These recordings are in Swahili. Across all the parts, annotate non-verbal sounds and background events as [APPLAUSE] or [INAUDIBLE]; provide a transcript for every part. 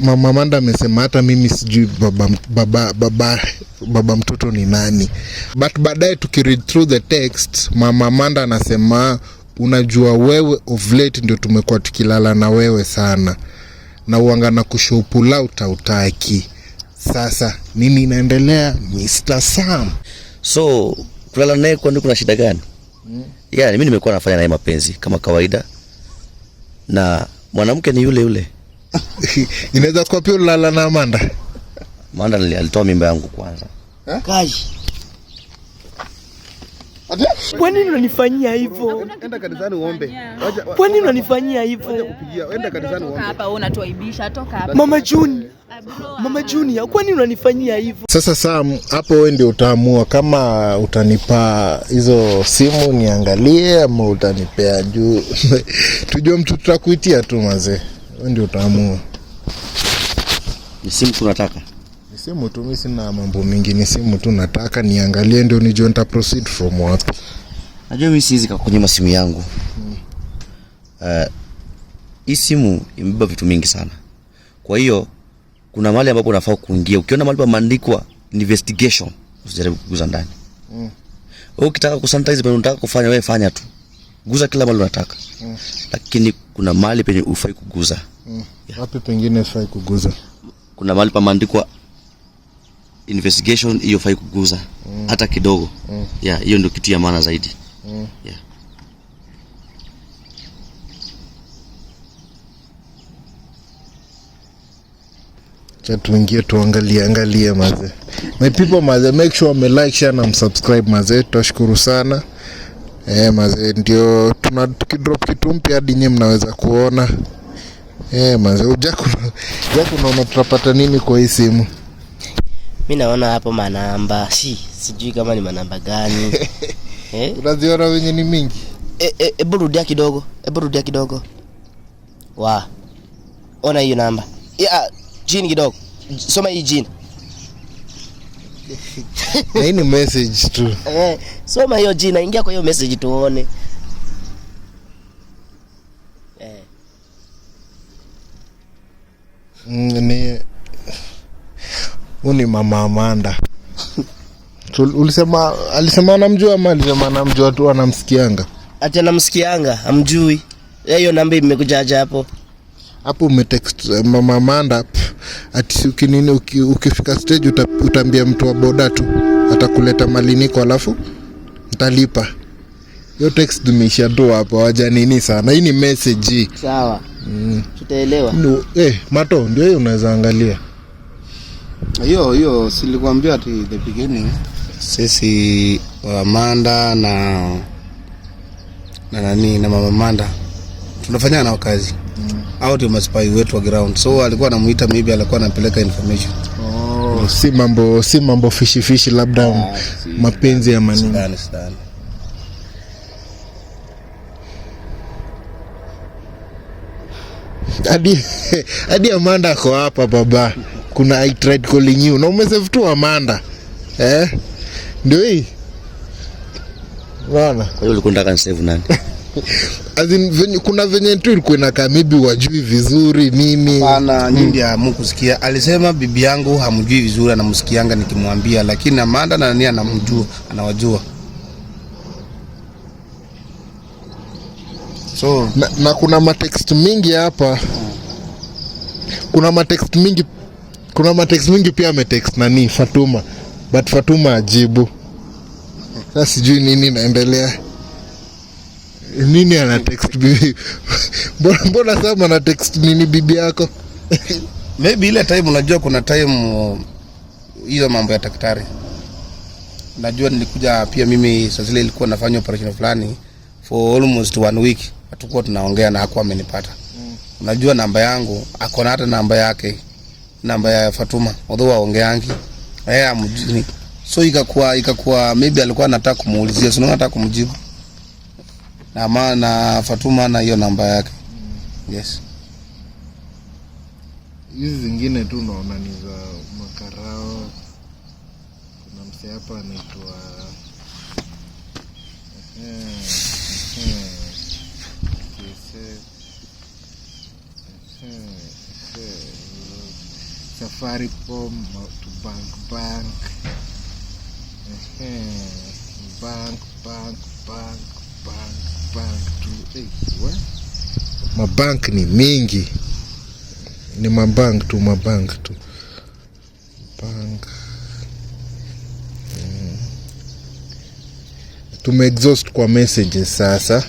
Mama Amanda amesema hata mimi sijui baba, baba, baba, baba mtoto ni nani, but baadaye tukiread through the text, Mama Amanda anasema unajua, wewe of late ndio tumekuwa tukilala na wewe sana na uanga uangana kushopula utautaki. Sasa nini inaendelea Mr. Sam? So kulala naye kwani kuna shida gani? Mm. Yani, mimi nimekuwa nafanya naye mapenzi kama kawaida na mwanamke ni yule yule [LAUGHS] inaweza kuwa pia ulala na Amanda. Amanda alitoa mimba yangu kwanza. Eh? Kaji. Kwa nini unanifanyia hivyo? Enda kanisani uombe. Kwa nini unanifanyia hivyo? Enda kanisani uombe. Hapa wewe unatuaibisha, toka hapa. Mama Juni. Mama Junior, kwa nini unanifanyia hivyo? Sasa Sam, hapo wewe ndio utaamua kama utanipa hizo simu niangalie ama utanipea juu. [LAUGHS] Tujue mtu tutakuitia tu mazee wewe ndio utaamua. Ni simu tu nataka, ni simu tu, mimi sina mambo mengi, ni simu tu nataka niangalie, ndio nijue nita proceed from what. Najua mimi siwezi kukunyima simu yangu hmm. Uh, hii simu imebeba vitu mingi sana, kwa hiyo kuna mahali ambapo unafaa kuingia. Ukiona mahali pameandikwa investigation, usijaribu kuguza ndani mm. Ukitaka kusanitize, unataka kufanya wewe, fanya tu guza kila mali unataka mm. Lakini kuna mali penye ufai kuguza mm. yeah. Wapi pengine ufai kuguza? Kuna mali pamaandikwa investigation, hiyo fai kuguza mm. hata kidogo mm. yeah, hiyo ndio kitu ya maana zaidi mm. yeah. Tuingie tuangalie angalie maze. My people maze, make sure me like, share na msubscribe maze. Tutashukuru sana. E, mazee ndio tuna tukidrop kitu mpya hadi nyinyi mnaweza kuona. E, mazee ujaku jaku, tutapata nini kwa hii simu? Mimi naona hapo manamba, si sijui kama ni manamba gani [LAUGHS] eh? Unaziona wenye ni mingi. Eh, hebu e, rudia kidogo, hebu rudia kidogo. Wa, ona hiyo namba, ya jini kidogo, soma hii jini hii ni message tu. Eh, soma hiyo jina, ingia kwa hiyo message tuone. Eh. Mm, ni uni mama Amanda. Ulisema alisema anamjua ama alisema anamjua tu anamsikianga? Ati anamsikianga, amjui. Eh, hiyo namba imekuja hapo. Hapo umetext eh, mama Amanda. Pff ati ukinini uki, ukifika stage uta, utaambia mtu wa boda tu atakuleta maliniko alafu ntalipa hiyo text tumeisha tu hapo, nini sana. Hii ni message sawa. Mm. Tutaelewa no, eh, mato ndio hiyo, unaweza angalia hiyo hiyo, silikuambia ati the beginning, sisi wamanda na na nani na mama manda tunafanya nao kazi mm au ndio maspai wetu wa ground, so alikuwa anamuita, maybe alikuwa anampeleka information. Oh, si mambo si mambo fishi fishi, labda ah, si, mapenzi ya maneno hadi [LAUGHS] hadi Amanda ako hapa baba, kuna I tried calling you na umesave tu Amanda eh, ndio hii bwana. Kwa hiyo ulikuwa unataka nisave nani? [LAUGHS] venye, kuna venye tu ilikuwa inakaa maybe wajui vizuri nini. Hapana, nyinyi hmm. ndio hmm, Alisema bibi yangu hamjui vizuri, anamsikianga nikimwambia, lakini Amanda na nani anamjua, anawajua so na, na kuna matext mingi hapa, kuna matext mingi, kuna matext mingi pia ametext nani Fatuma, but Fatuma ajibu. Sasa sijui nini naendelea nini ana text bibi? [LAUGHS] Mbona mbona sasa ana text nini bibi yako? [LAUGHS] Maybe ile time, unajua kuna time uh, hiyo mambo ya daktari. Najua nilikuja pia mimi saa zile ilikuwa nafanya operation fulani for almost one week, hatukuwa tunaongea na hakuwa amenipata. Mm. Unajua namba yangu ako na hata namba yake, namba ya Fatuma, although waongeangi yeye eh, amjini, so ikakuwa ikakuwa maybe alikuwa anataka kumuulizia, sio anataka kumjibu na, ma, na Fatuma na hiyo namba yake mm. Yes, hizi zingine tu naona ni za makarao. Kuna mse hapa anaitwa pom to bank bank bank bank bank bank Eh, mabank ni mingi, ni mabank tu, mabank tu bank. Mm. Tumeexhaust kwa messages sasa,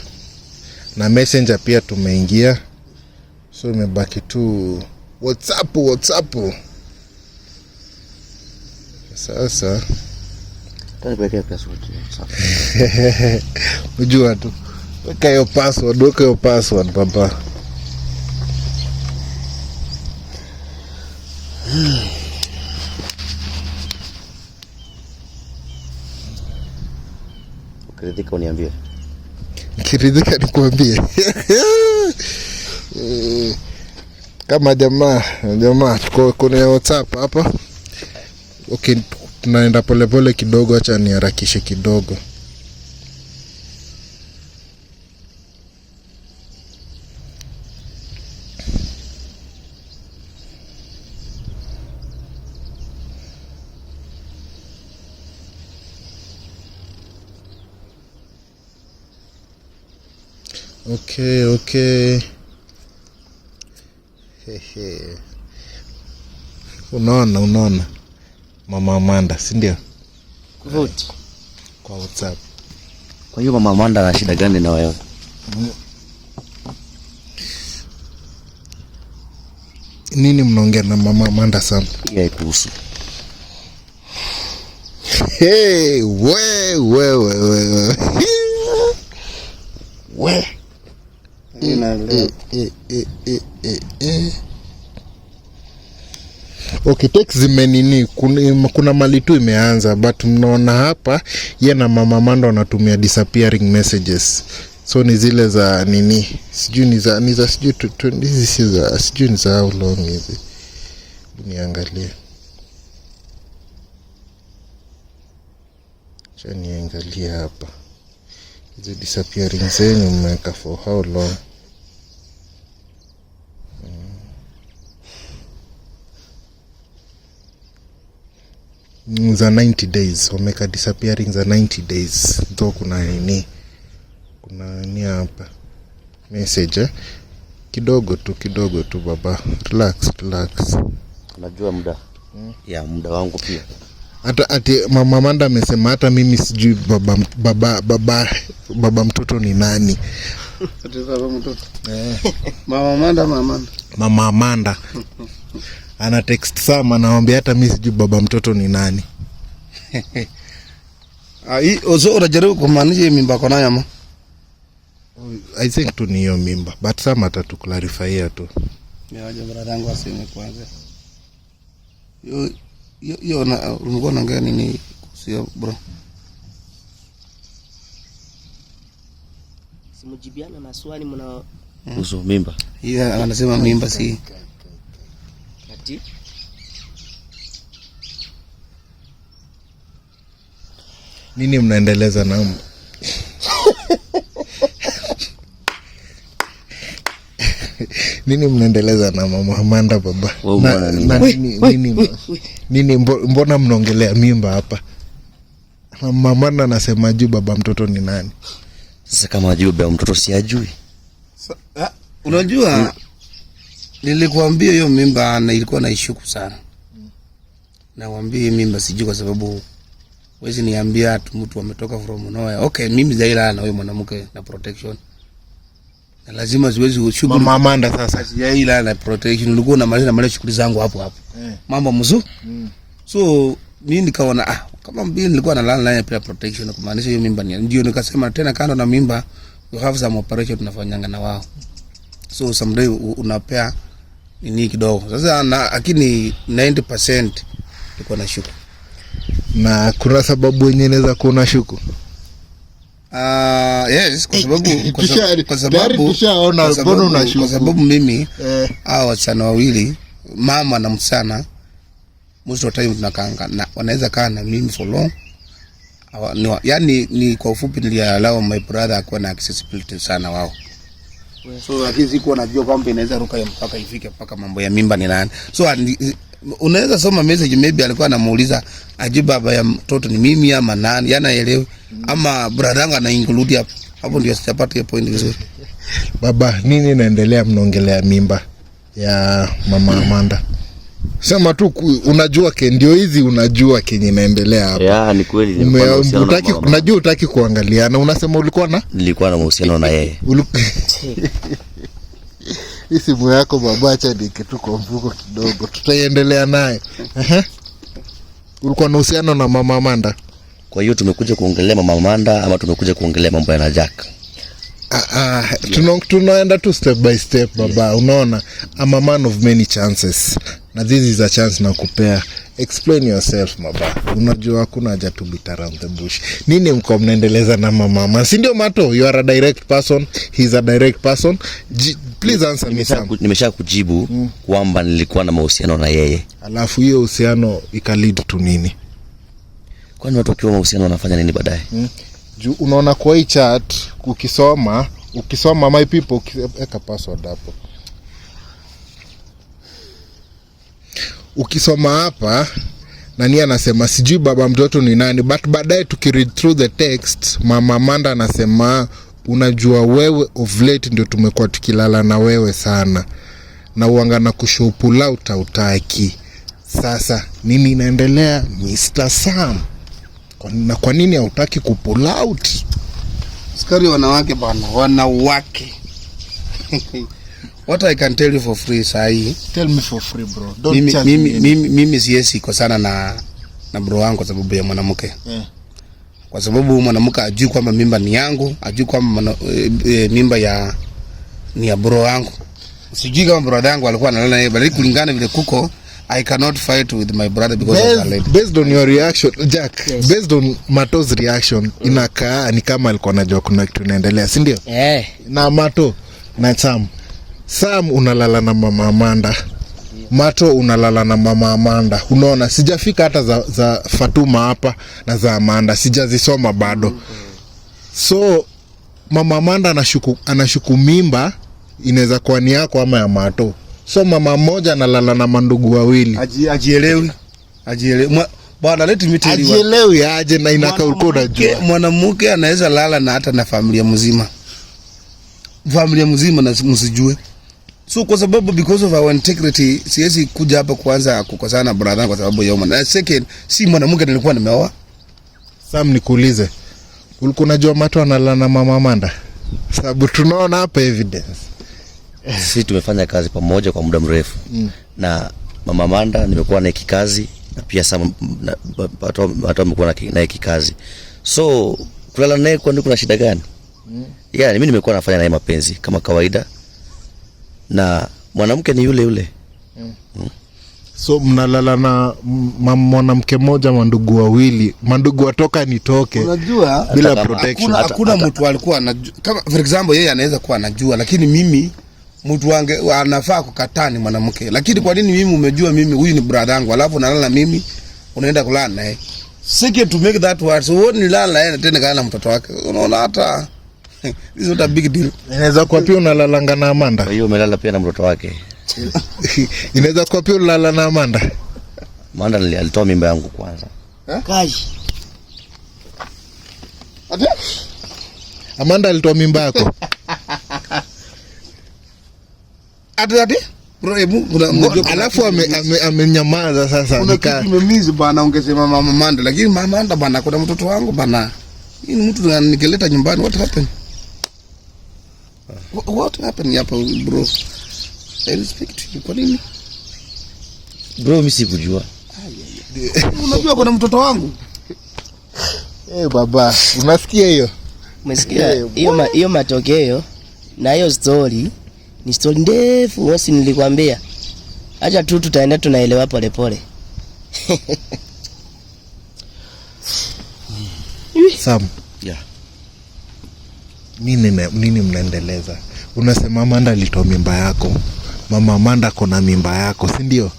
na messenger pia tumeingia, so imebaki tu WhatsApp, WhatsApp sasa [LAUGHS] unajua tu Weka hiyo password, weka hiyo password papa. Ukiridhika uniambie. Ukiridhika nikuambie. Kama jamaa jamaa, tuko kwenye WhatsApp hapa. Okay, tunaenda polepole kidogo, acha niharakishe kidogo. Okay, okay. Unaona, unaona Mama Amanda, si ndio? Kuvuti kwa WhatsApp. Kwa hiyo Mama Amanda ana shida gani na wewe? Nini mnaongea na Mama Amanda sana? Yeye kuhusu. Hey, we we we we. We. E, Okay, tax zimenini kuna, kuna mali tu imeanza but mnaona hapa ye na mama mando anatumia disappearing messages so ni zile za nini sijui ni za ni za sijui si za sijui ni za how long hizi niangalie cha niangalie hapa hizi disappearing zenyu mmeweka for how long za 90 days, wameka disappearing za 90 days. Ndio kuna nini, kuna nini hapa message eh? Kidogo tu kidogo tu baba, relax relax, unajua muda hmm, ya muda wangu pia hata ati mama Manda amesema hata mimi sijui baba, baba, baba, baba mtoto ni nani? ati baba mtoto eh mama Manda, mama Manda, mama Manda [LAUGHS] ana text Sam anawambia hata mimi sijui baba mtoto ni nani. Ai, [LAUGHS] ah, Ozo unajaribu kumaanisha hii mimba kona yama? Oh, I think tu ni hiyo mimba but Sam atatuclarifyia tu. Yaje brada yangu aseme kwanza. Yo yo yo na na naongea ni sio bro? Simujibiana maswali mna hmm. kuhusu mimba. Yeye anasema mimba si mti. Nini mnaendeleza namo? Nini mnaendeleza na mama Amanda baba? Na, na, nini, nini, nini mbona mnaongelea mimba hapa? Mama Amanda anasema juu baba mtoto ni nani? Sasa kama juu baba mtoto si ajui. Eh, unajua Nilikwambia hiyo mimba na ilikuwa naishuku sana. Nawambia hii mimba sijui kwa sababu wezi niambia tu mtu ametoka from nowhere. Okay, mimi zaila na huyo mwanamke na protection. Na lazima ziwezi shughuli. Mama Amanda sasa sijaila na protection. Nilikuwa namaliza mali shughuli zangu hapo hapo. Eh. Mambo mzuri. Mm. So mimi nikaona ah, kama mbili nilikuwa nalala naye pia protection kumaanisha hiyo mimba ndio nikasema tena kando na mimba we have some operation tunafanyanga na wao. So someday unapea ni kidogo sasa, lakini na, 90% tuko na shuku. Na kuna sababu wenyewe naweza kuona shuku Uh, yes, kwa eh, sababu eh, kwa sababu kwa sababu, kwa sababu, kwa sababu mimi eh, hao wasichana wawili mama na msichana most of time tunakaanga na wanaweza kaa na mimi for long awa, no, yani ni kwa ufupi nilialao my brother akuwa na accessibility sana wao so lakini sikuwa najua kwamba inaweza ruka mpaka ifike mpaka mambo ya mimba ni nani. So eh, unaweza soma message, maybe alikuwa anamuuliza aje baba ya mtoto ni mimi ama nani, yanaelewi mm. ama brada yangu ana include hapo hapo, ndio sitapata hiyo point vizuri. Baba, nini inaendelea? Mnaongelea mimba ya mama Amanda? Sema tu unajua ke ndio hizi unajua kenye inaendelea hapa. Yeah, utaki kuangaliana. Unasema ulikuwa na? Nilikuwa na mahusiano na yeye. [LAUGHS] [LAUGHS] Hii simu yako babacha ni kwa mvuko kidogo. Tutaiendelea naye. Ulikuwa na uhusiano na Mama manda Kwa hiyo tumekuja kuongelea Mama manda ama tumekuja kuongelea mambo ya Najaka? Ah, ah, tunaenda tu step by step baba. Unaona, I'm man of many chances na this is a chance na kupea explain yourself maba. Unajua hakuna haja to beat around the bush. Nini mko mnaendeleza na mamama, si ndio? Mato, you are a direct person, he is a direct person. Please answer me Sam. Nimesha kujibu mm, kwamba nilikuwa na mahusiano na yeye, alafu hiyo uhusiano ikalead to nini? Kwani watu wakiwa mahusiano wanafanya nini baadaye? Mm, Ju, unaona kwa hii chat ukisoma, ukisoma my people, ukiweka password hapo ukisoma hapa nani anasema sijui baba mtoto ni nani, but baadaye tukiread through the text, mama manda anasema unajua, wewe of late ndio tumekuwa tukilala na wewe sana na uanga na kushopula utautaki. Sasa nini inaendelea Mr. Sam? Na kwa nini hautaki kupulaut Askari wanawake bana, wanawake [LAUGHS] What I can tell you for free sahi. Tell me for free bro. Don't mimi, charge mimi, me mimi, mimi mimi siwezi kwa sana na na bro wangu kwa sababu ya mwanamke. Yeah. Kwa sababu mwanamke ajui kwamba mimba ni yangu, ajui kwamba e, e, mimba ya ni ya bro wangu. Sijui kama brother yangu alikuwa analala naye, bali kulingana vile kuko I cannot fight with my brother because based, of the based on your reaction Jack, yes. Based on Mato's reaction mm. Inakaa ni kama alikuwa anajua kuna kitu inaendelea, si ndio? Eh. Yeah. Na Mato na Sam Sam unalala na mama Amanda, Mato unalala na mama Amanda. Unaona, sijafika hata za, za Fatuma hapa na za Amanda sijazisoma bado. So mama Amanda anashuku, anashuku mimba inaweza kuwa ni yako ama ya Mato. So mama mmoja analala na mandugu wawili, ajielewi ajielewi bwana, let me tell you, ajielewi aje na inakaa uko unajua, mwanamke anaweza lala na hata na familia mzima, familia mzima na msijue So kwa sababu because of our integrity siwezi kuja hapa kuanza kukosana na brother kwa sababu ya umeoa. Second, si mwanamke nilikuwa nimeoa. Sam, nikuulize. Ulikuwa unajua analala na mama Manda? Sababu tunaona hapa evidence. Sisi tumefanya kazi pamoja kwa muda mrefu. Mm. Na mama Manda nimekuwa naye kikazi na pia Sam watu wamekuwa naye kikazi. So kulala naye kwani kuna shida gani? Mm. Yeah, mimi nimekuwa nafanya naye mapenzi kama kawaida na mwanamke ni yule yule mm. Mm. So mnalala na mwanamke mmoja, mandugu wawili, mandugu watoka nitoke, unajua, bila protection. Hakuna mtu alikuwa anajua, kama for example, yeye anaweza kuwa anajua, lakini mimi mtu wange anafaa kukataa ni mwanamke. Lakini kwa nini mimi, umejua mimi huyu ni brother yangu, alafu nalala mimi, unaenda kulala naye, sikia to make that word so, wewe nilala naye tena kana mtoto wake, unaona hata It's not a big deal. Inaweza kuwa pia unalalanga na Amanda. Kwa hiyo umelala pia na mtoto wake. [LAUGHS] Inaweza kuwa pia unalala na Amanda. Amanda alitoa mimba yangu kwanza. Eh? Kaji. Ade? Amanda alitoa mimba yako. Ade [LAUGHS] ade? Bro, hebu alafu amenyamaza sasa. Kuna kitu kimemiss bana, ungesema mama Amanda, lakini mama Amanda bana, kuna mtoto wangu bana. Hii mtu ananikeleta nyumbani. What happened? What happened hapa bro? I respect you. Kwa nini? Bro, mimi sikujua. [LAUGHS] Unajua kuna mtoto wangu. Eh, baba, unasikia hiyo? Umesikia eh, hiyo hiyo matokeo na hiyo story ni story ndefu, wasi nilikwambia. Acha tu tutaenda tunaelewa polepole [LAUGHS] Sam nini, nini mnaendeleza? Unasema Amanda alitoa mimba yako, mama Amanda kona mimba yako, si ndio?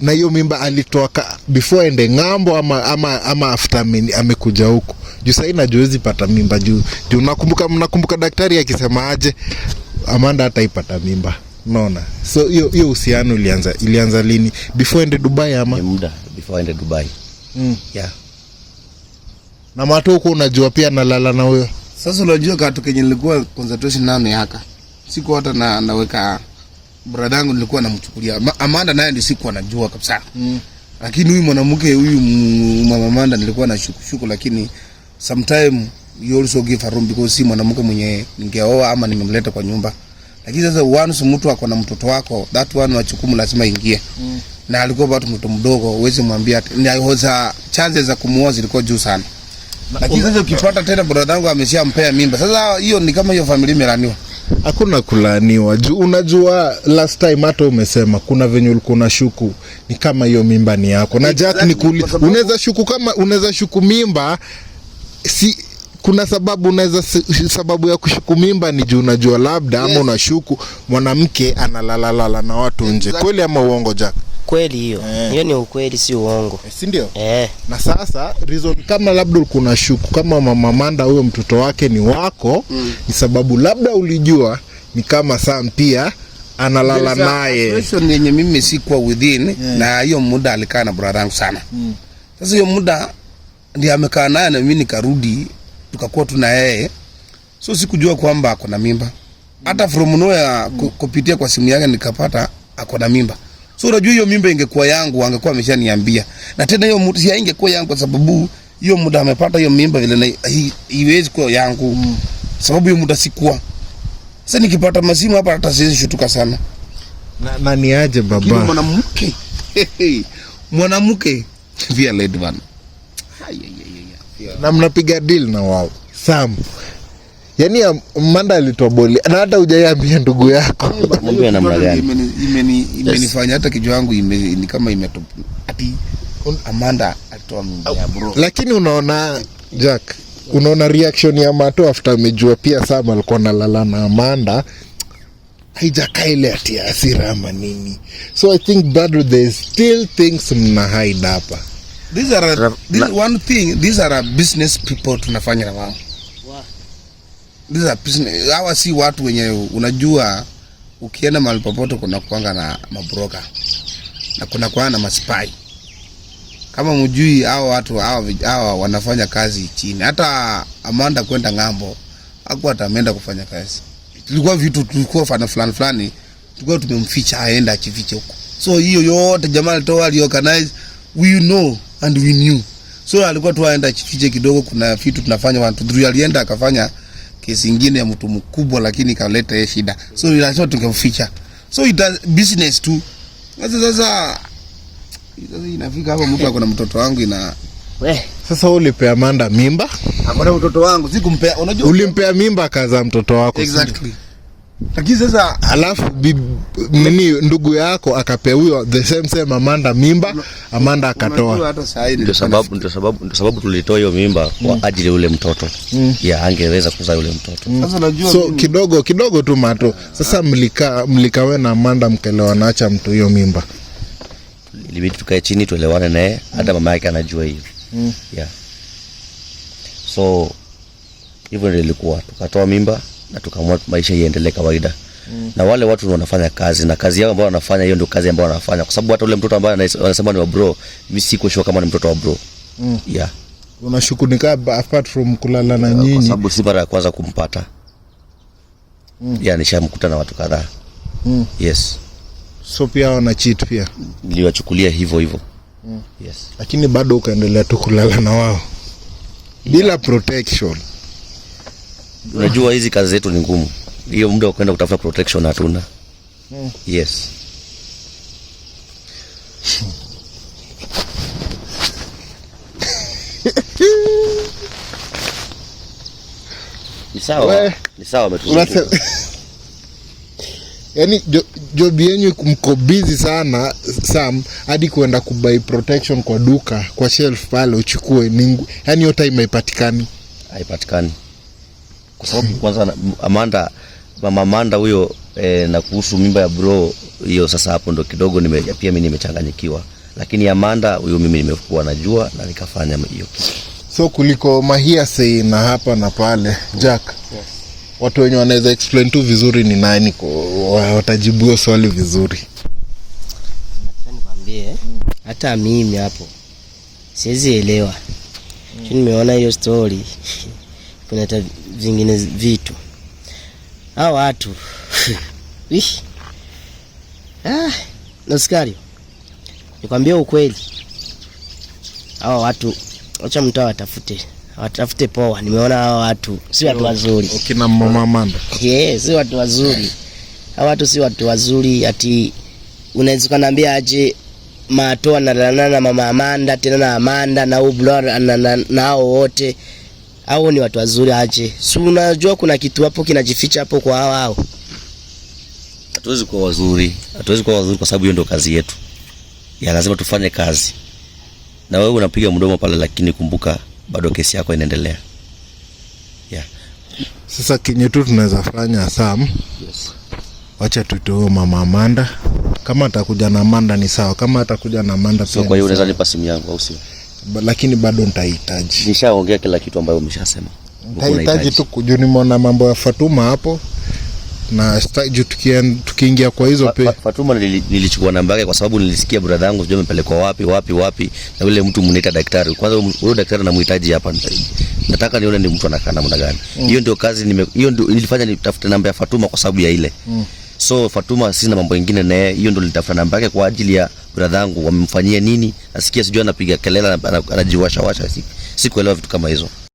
na hiyo mimba alitoa before ende ng'ambo ama, ama, ama after amekuja huku juu sahii najuwezi pata mimba juu juu nakumbuka, mnakumbuka daktari akisema aje Amanda hataipata mimba naona. So hiyo hiyo uhusiano ilianza, ilianza lini? Before ende Dubai ama muda before ende Dubai mm. yeah. na mato huko unajua pia nalala na huyo sasa unajua katu kenye nilikuwa concentration na miaka. Siku hata na naweka brada yangu nilikuwa namchukulia. Amanda naye ndio siku anajua kabisa. Mm. Lakini huyu mwanamke huyu mama Amanda nilikuwa na shuku shuku, lakini sometime you also give a room because si mwanamke mwenye ningeoa ama nimemleta kwa nyumba. Lakini sasa once mtu ako na mtoto wako, that one wa chukumu lazima ingie. Mm. Na alikuwa bado mtoto mdogo, uweze mwambia ni hoza chances za kumuoa zilikuwa juu sana. Lakini sasa ukipata tena brother yangu mpea mimba. Sasa hiyo ni kama hiyo familia imelaniwa. Hakuna kulaaniwa juu unajua last time hata umesema kuna venye ulikuwa na shuku ni kama hiyo mimba ni yako na Jack ni kuli, unaweza shuku kama unaweza shuku mimba si kuna sababu unaweza sababu ya kushuku mimba ni juu unajua labda yes. Ama unashuku mwanamke analala na watu nje exactly. Kweli ama uongo Jack? kweli hiyo hiyo eh, ni ukweli, si uongo eh, si ndio eh? Na sasa reason kama labda kuna shuku kama mama Manda huyo mtoto wake ni wako mm, ni sababu labda ulijua ni kama Sam pia analala naye yenye mimi sikuwa within yeah, na hiyo muda alikaa na brother yangu sana mm. Sasa hiyo muda ndiye amekaa naye na mimi nikarudi, tukakuwa tuna yeye, so sikujua kwamba ako na mimba hata from nowhere mm, kupitia kwa simu yake nikapata ako na mimba So unajua hiyo mimba ingekuwa yangu angekuwa ameshaniambia. Na tena hiyo mtu haingekuwa yangu kwa sababu hiyo muda amepata hiyo mimba vile na iwezi kuwa yangu. Mm. Sababu hiyo muda sikuwa. Sasa nikipata mazimu hapa hata siwezi shutuka sana. Na, na ni aje baba? Kini mwanamke. Mwanamke via led one. Na mnapiga deal na wao. Sam. Yaani Amanda alitoa boli na hata hujaiambia ndugu yako. Mambo ya namna gani? imeni imenifanya hata kichwa yangu ni kama imetop ati Amanda atoa mimba ya oh. bro. Lakini unaona Jack, unaona reaction ya Mato after amejua pia Sam alikuwa analala na Amanda haijakaa ile ati asira ama nini, so I think bado there still things mna hide hapa. These are a, this, one thing these are a business people tunafanya na wao. These are business, hawa si watu wenye unajua ukienda mahali popote kuna kuanga na mabroka na kuna kuanga na maspai. Kama mjui hao watu hao wanafanya kazi chini. Hata Amanda kwenda ng'ambo hakuwa ataenda kufanya kazi, tulikuwa vitu tulikuwa fana fulani fulani tulikuwa tumemficha aenda achifiche huko. So hiyo yote jamaa alitoa ali organize, we know and we knew. So alikuwa tu aenda achifiche kidogo, kuna vitu tunafanya 1 2 3 alienda akafanya kesi ingine ya mtu mkubwa, lakini kaleta yeye shida, so lazima tukamficha, so it business tu. Sasa sasa sasa inafika hapo, mtu akona mtoto wangu ina we sasa, ulipea Amanda mimba, akona mtoto wangu, sikumpea. Unajua ulimpea mimba, kaza mtoto wako, exactly. Lakini sasa alafu nini ndugu yako akapewa the same same Amanda mimba, Amanda akatoa. Ndio sababu ndio sababu ndio sababu tulitoa hiyo mimba mm. ajili ule mtoto mm. ya angeweza kuzaa ule mtoto mm. Sasa najua so mimi... kidogo kidogo tu mato. Sasa mlika mlikawe na Amanda mkelewa naacha mtu hiyo mimba, ilibidi tukae chini tuelewane naye hata mm. mama yake anajua hiyo mm. yeah. so hivyo ndio ilikuwa tukatoa mimba na tukaamua maisha iendelee kawaida. Mm. Na wale watu wanafanya kazi na kazi yao ambao wanafanya hiyo ndio kazi ambao wanafanya kwa sababu hata ule mtoto ambaye anasema ni wa bro, mimi siko sure kama ni mtoto wa bro. Mm. Yeah. Unashughulika apart from kulala na nyinyi. Kwa sababu si mara ya kwanza kumpata. Mm. Yeah, nishamkuta na watu kadhaa. Mm. Yes. So pia wana cheat pia. Niliwachukulia hivyo hivyo. Mm. Yes. Lakini bado ukaendelea tu kulala na wao. Bila yeah. protection. Unajua hizi kazi zetu ni ngumu, hiyo muda wa kwenda kutafuta protection hatuna. Yes. Ni sawa. Ni sawa. [LAUGHS] Yaani jobi yenyu busy sana Sam hadi kuenda kubai protection kwa duka kwa shelf pale uchukue, yaani hiyo time haipatikani, haipatikani kwa sababu kwanza Amanda, mama Amanda huyo e, na kuhusu mimba ya bro hiyo, sasa hapo ndo kidogo nime, pia mimi nimechanganyikiwa, lakini Amanda huyo mimi nimekuwa najua na nikafanya hiyo so kuliko mahia sei na hapa na pale Jack yes. Watu wenye wanaweza explain tu vizuri ni nani, watajibu swali vizuri. Nikwambie hata mimi hapo siwezi elewa, nimeona hiyo story [LAUGHS] kuna vingine vitu hao watu [LAUGHS] ah, Naskari, nikwambia ukweli, hao watu wacha mtu awatafute watafute poa. Nimeona hao watu si watu wazuri, ukina mama Amanda. Yeah, si watu wazuri hao watu, si watu wazuri ati unaweza kuniambia aje Mato analalana na mama Amanda tena na Amanda na ublora na nao wote na, na, na, na, na, na, na, na, au ni watu wazuri aje? Si unajua kuna kitu hapo kinajificha hapo kwa hao hao. Hatuwezi kuwa wazuri, hatuwezi kuwa wazuri kwa sababu hiyo ndio kazi yetu ya lazima tufanye kazi. Na wewe unapiga mdomo pale, lakini kumbuka bado kesi yako inaendelea. Ya. Sasa kinyo tu tunaweza fanya Sam. Yes. Wacha tutoe mama Amanda. Kama atakuja na Amanda ni sawa, kama atakuja na Amanda pia. So kwa hiyo unaweza nipa simu yangu au sio? lakini bado nitahitaji. Nishaongea kila kitu ambayo umeshasema. Nitahitaji tu kujua, nimeona mambo ya Fatuma hapo na stage tukiingia kwa hizo pe. Fatuma nilichukua namba yake kwa sababu nilisikia brother yangu sijui amepelekwa wapi wapi wapi na yule mtu mnaita daktari. Kwanza um, huyo daktari namhitaji hapa, nataka nione ni mtu anakaa namna gani. Mm. Hiyo ndio kazi nime, hiyo ndio ilifanya nitafute namba ya Fatuma kwa sababu ya ile mm. So Fatuma sisi na mambo mengine na hiyo ndio nilitafuta namba yake kwa ajili ya bradhangu wamemfanyia nini, nasikia sijui anapiga kelele anajiwashawasha, sikuelewa vitu kama hizo.